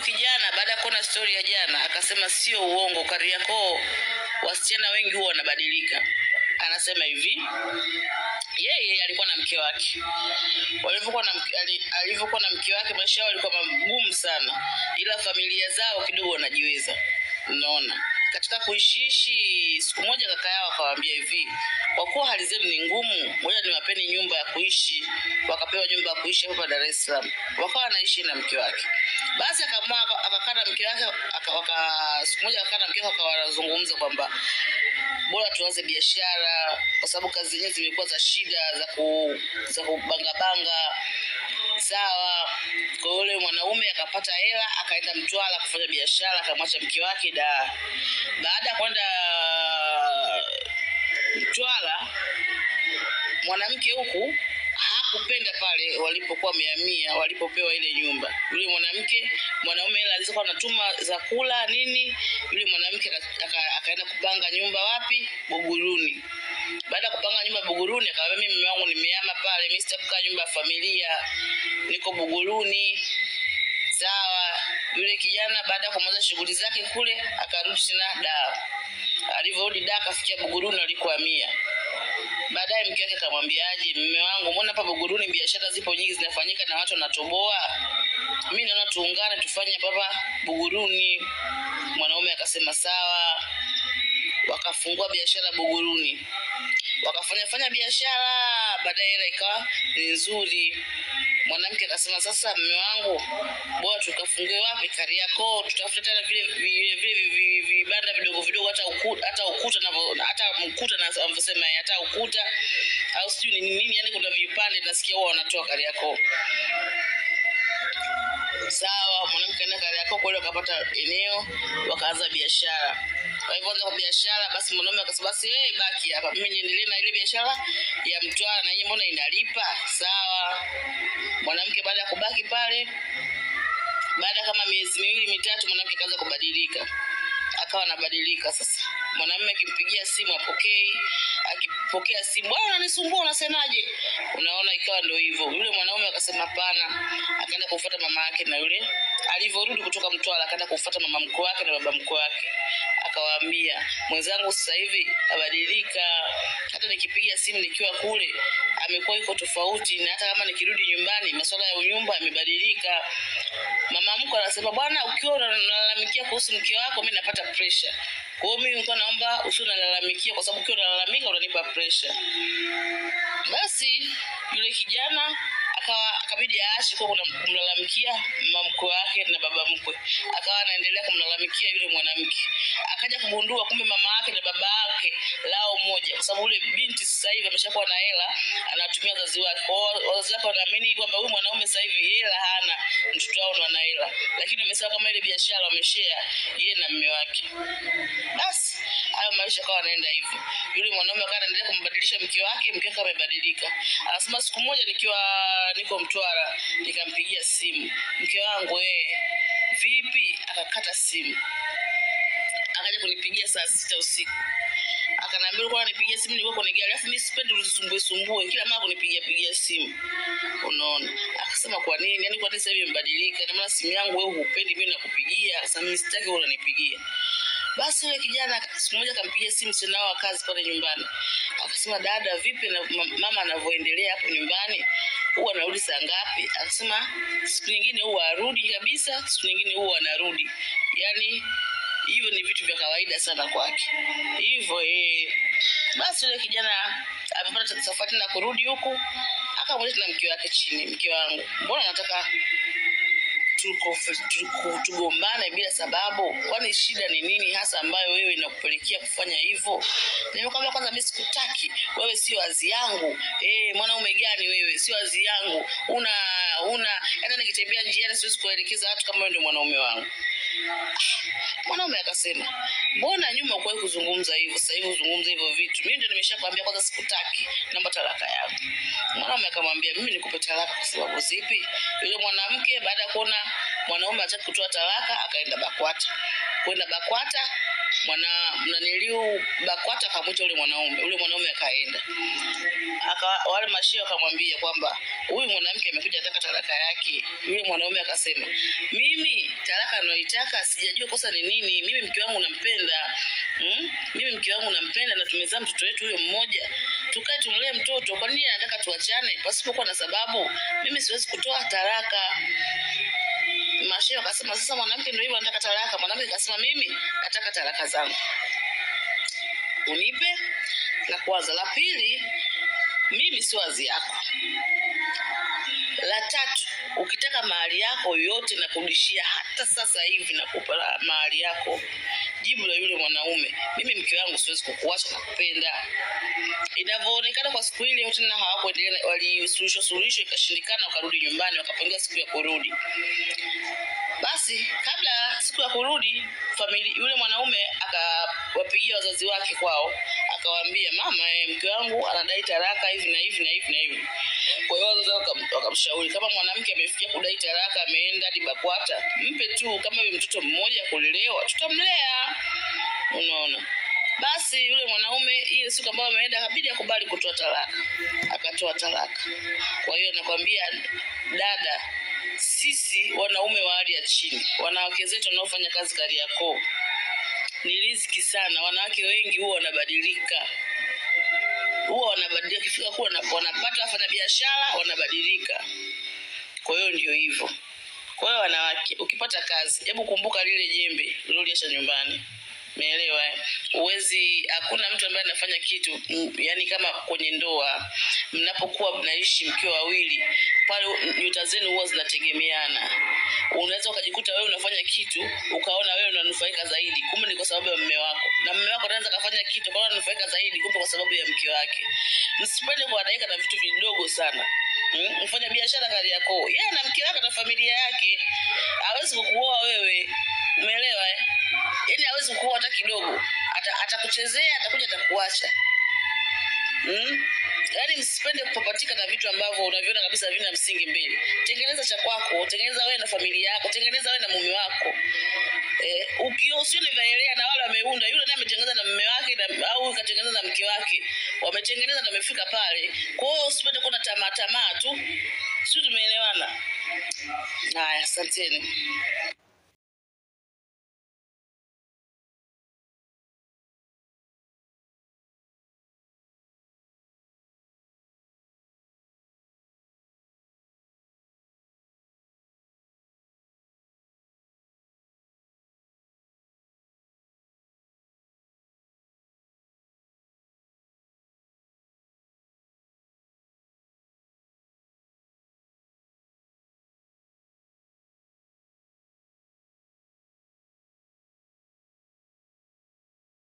huyu kijana baada ya kuona stori ya jana akasema sio uongo, Kariakoo wasichana wengi huwa wanabadilika. Anasema hivi yeye ye, alikuwa na mke wake, walivyokuwa na alivyokuwa na mke wake, maisha yao alikuwa magumu sana, ila familia zao kidogo wanajiweza. Unaona, katika kuishiishi, siku moja kaka yao akawaambia hivi, kwa kuwa hali zenu ni ngumu, ngoja niwapeni nyumba ya kuishi. Wakapewa nyumba ya kuishi hapa Dar es Salaam, wakawa wanaishi na mke wake. Basi akaamua akakata mke wake, siku moja akakaa mke wake, akawazungumza kwamba bora tuanze biashara, kwa sababu kazi zenyewe zimekuwa za shida, za ku za kubangabanga. Sawa. Kwa yule mwanaume akapata hela, akaenda mtwala kufanya biashara, akamwacha mke wake da. Baada ya kwenda Mtwara, mwanamke huku hakupenda pale walipokuwa wamehamia, walipopewa ile nyumba. Yule mwanamke mwanaume alizokuwa anatuma za kula nini, yule mwanamke akaenda kupanga nyumba wapi? Buguruni. Baada ya kupanga nyumba Buguruni, akawa mimi, mume wangu nimehama pale, mimi sitaki nyumba ya familia, niko Buguruni. Sawa. Yule kijana baada ya kumaliza shughuli zake kule, akarudi tena Dar. Alivyorudi Dar, akafikia Buguruni alikohamia. Baadaye mke wake akamwambiaje mume wangu, mbona hapa Buguruni biashara zipo nyingi zinafanyika na watu wanatoboa, mi naona tuungane tufanye hapa Buguruni. Mwanaume akasema sawa wakafungua biashara Buguruni, wakafanya fanya biashara, baadaye ile ikawa ni nzuri. Mwanamke akasema sasa, mume wangu, bora tukafungue wapi? Kariakoo, tutafuta tena vile vile vile vibanda vidogo vidogo, hata ukuta hata ukuta na hata mkuta na anavyosema hata ukuta au sijui ni nini, yani kuna vipande nasikia huwa wanatoa Kariakoo sawa, mwanamke anaenda Kariakoo kule wakapata eneo wakaanza biashara. hivyo kwa biashara, basi mwanaume akasema basi wewe baki hapa, mimi niendelee na ile biashara ya Mtwara na yeye, mbona inalipa sawa. Mwanamke baada ya kubaki pale, baada kama miezi miwili mitatu, mwanamke kaanza kubadilika akawa anabadilika sasa. Mwanamume akimpigia simu apokei, akipokea simu bwana, unanisumbua unasemaje? Unaona, ikawa ndio hivyo. Yule mwanaume akasema hapana, akaenda kufuata mama yake, na yule alivyorudi kutoka Mtwara akaenda kufuata mama mkwe wake na baba mkwe wake akawaambia mwenzangu, sasa hivi abadilika, hata nikipiga simu nikiwa kule amekuwa yuko tofauti, na hata kama nikirudi nyumbani masuala ya unyumba yamebadilika. Mama mko anasema, bwana, ukiwa unalalamikia kuhusu mke wako mimi napata pressure. Kwa hiyo mimi nilikuwa naomba usio nalalamikia, kwa sababu ukiwa unalalamika unanipa pressure. Basi yule kijana akawa akabidi aache kuwa kumlalamikia mamkwe wake na baba mkwe, akawa anaendelea kumlalamikia yule mwanamke. Akaja kugundua kumbe mama yake na baba yake lao moja, kwa sababu yule binti sasa hivi ameshakuwa na hela, anatumia wazazi wake. Kwa hiyo wazazi wake wanaamini kwamba huyu mwanaume sasa hivi hela hana, mtoto wao ndo ana hela, lakini wamesema kama ile biashara wameshare yeye na mume wake. Basi hayo maisha kawa anaenda hivyo. Yule mwanaume akawa anaendelea kumbadilisha mke wake, mke wake amebadilika. Anasema siku moja nikiwa niko Mtwara, nikampigia simu mke wangu, yeye eh, vipi? Akakata simu, akaja kunipigia saa sita usiku akanambia ulikuwa unanipigia simu, nilikuwa kwenye gari, alafu mimi sipendi usumbue sumbue kila mara kunipigia pigia simu, unaona. Akasema kwa nini? Yani kwa nini sasa hivi imebadilika? Na maana simu yangu wewe hupendi mimi nakupigia. sasa mimi sitaki wewe unanipigia. Basi yule kijana siku moja akampigia simu sana wa kazi pale nyumbani, akasema dada, vipi na mama anavyoendelea hapo nyumbani? huwa anarudi saa ngapi? Anasema siku nyingine huwa arudi kabisa, siku nyingine huwa anarudi. Yani hivyo ni vitu vya kawaida sana kwake. Hivyo eh, basi yule kijana amepata safari na kurudi huku, akamweleza na mke wake chini, mke wangu, mbona nataka tugombane bila sababu? Kwani shida ni nini hasa ambayo wewe inakupelekea kufanya hivyo? Nimekwambia kwanza, mimi sikutaki wewe, sio wazi yangu. Eh, mwanaume gani wewe? Sio wazi yangu, una una hata yaani nikitembea njiani siwezi kuelekeza watu kama wewe ndio mwanaume wangu. Mwanaume akasema, mbona nyuma kwa kuzungumza hivyo, sasa hivi uzungumze hivyo vitu? Mimi ndio nimeshakwambia kwanza sikutaki, namba talaka yako. Mwanaume akamwambia, mimi nikupe talaka kwa sababu zipi? Yule mwanamke baada ya kuona mwanaume anataka kutoa talaka, akaenda BAKWATA. Kwenda BAKWATA mwana mnaniliu BAKWATA akamwita ule mwanaume, ule mwanaume akaenda aka wale mashia akamwambia kwamba huyu mwanamke amekuja ataka talaka yake. Yule mwanaume akasema, mimi talaka naitaka sijajua kosa ni nini, mimi mke wangu nampenda mm? mimi mke wangu nampenda na tumezaa mtoto wetu huyo mmoja, tukae tumlee mtoto. Kwa nini anataka tuachane pasipokuwa na sababu? Mimi siwezi kutoa talaka. Mashia akasema sasa, mwanamke ndio hivyo, anataka talaka. Mwanamke akasema mimi nataka talaka zangu unipe, na kwanza. La pili, mimi si wazi yako. La tatu, ukitaka mahali yako yote nakudishia hata sasa hivi nakupa mahali yako jibu la yule mwanaume, mimi mke wangu siwezi kukuacha na kupenda. Inavyoonekana kwa siku ile tena hawakuendelea, walisuluhisha suluhisho, ikashindikana, wakarudi nyumbani, wakapangia siku ya kurudi. Basi kabla siku ya kurudi famili, yule mwanaume akawapigia wazazi wake kwao, akawaambia, mama, eh, mke wangu anadai taraka hivi na hivi na hivi na hivi kwa hiyo wazazi wakamshauri kama mwanamke amefikia kudai talaka, ameenda hadi BAKWATA, mpe tu kama yule mtoto mmoja kulelewa, tutamlea. Unaona? Basi yule mwanaume ile siku ambayo ameenda habidi akubali kutoa talaka, akatoa talaka. Kwa hiyo nakwambia dada, sisi wanaume wa hali ya chini, wanawake zetu wanaofanya kazi Kariakoo, ni riziki sana. Wanawake wengi huwa wanabadilika huwa wanabadilika, kifika kuwa wanapata biashara wanabadilika. Kwa hiyo ndio hivyo. Kwa hiyo wanawake, ukipata kazi, hebu kumbuka lile jembe ulioliacha nyumbani, umeelewa eh? huwezi, hakuna mtu ambaye anafanya kitu yani kama kwenye ndoa, mnapokuwa mnaishi mkiwa wawili pale, nyota zenu huwa zinategemeana. Unaweza ukajikuta wewe unafanya kitu ukaona wewe unanufaika zaidi, kumbe ni kwa sababu ya mume wako, na mume wako anaweza kafanya kitu kwa ananufaika zaidi, kumbe kwa sababu ya mke wake. Msipende kuhangaika na vitu vidogo sana. mfanya biashara kali yako yeye, na mke wake na familia yake, hawezi kukuoa wewe, umeelewa eh? Yani hawezi kukuoa hata kidogo atakuchezea, atakuja atakuacha. Mm? Yaani msipende kupapatika na vitu ambavyo unaviona kabisa vina msingi mbili Tengeneza cha kwako, tengeneza wewe na familia yako, tengeneza wewe na mume wako. Eh, ukiusione vinaelea na wale wameunda, yule naye ametengeneza na mume wake na au ukatengeneza na mke wake. Wametengeneza na wamefika pale. Kwa hiyo usipende kuona tamaa tamaa tu. Sisi tumeelewana. Haya, asanteni.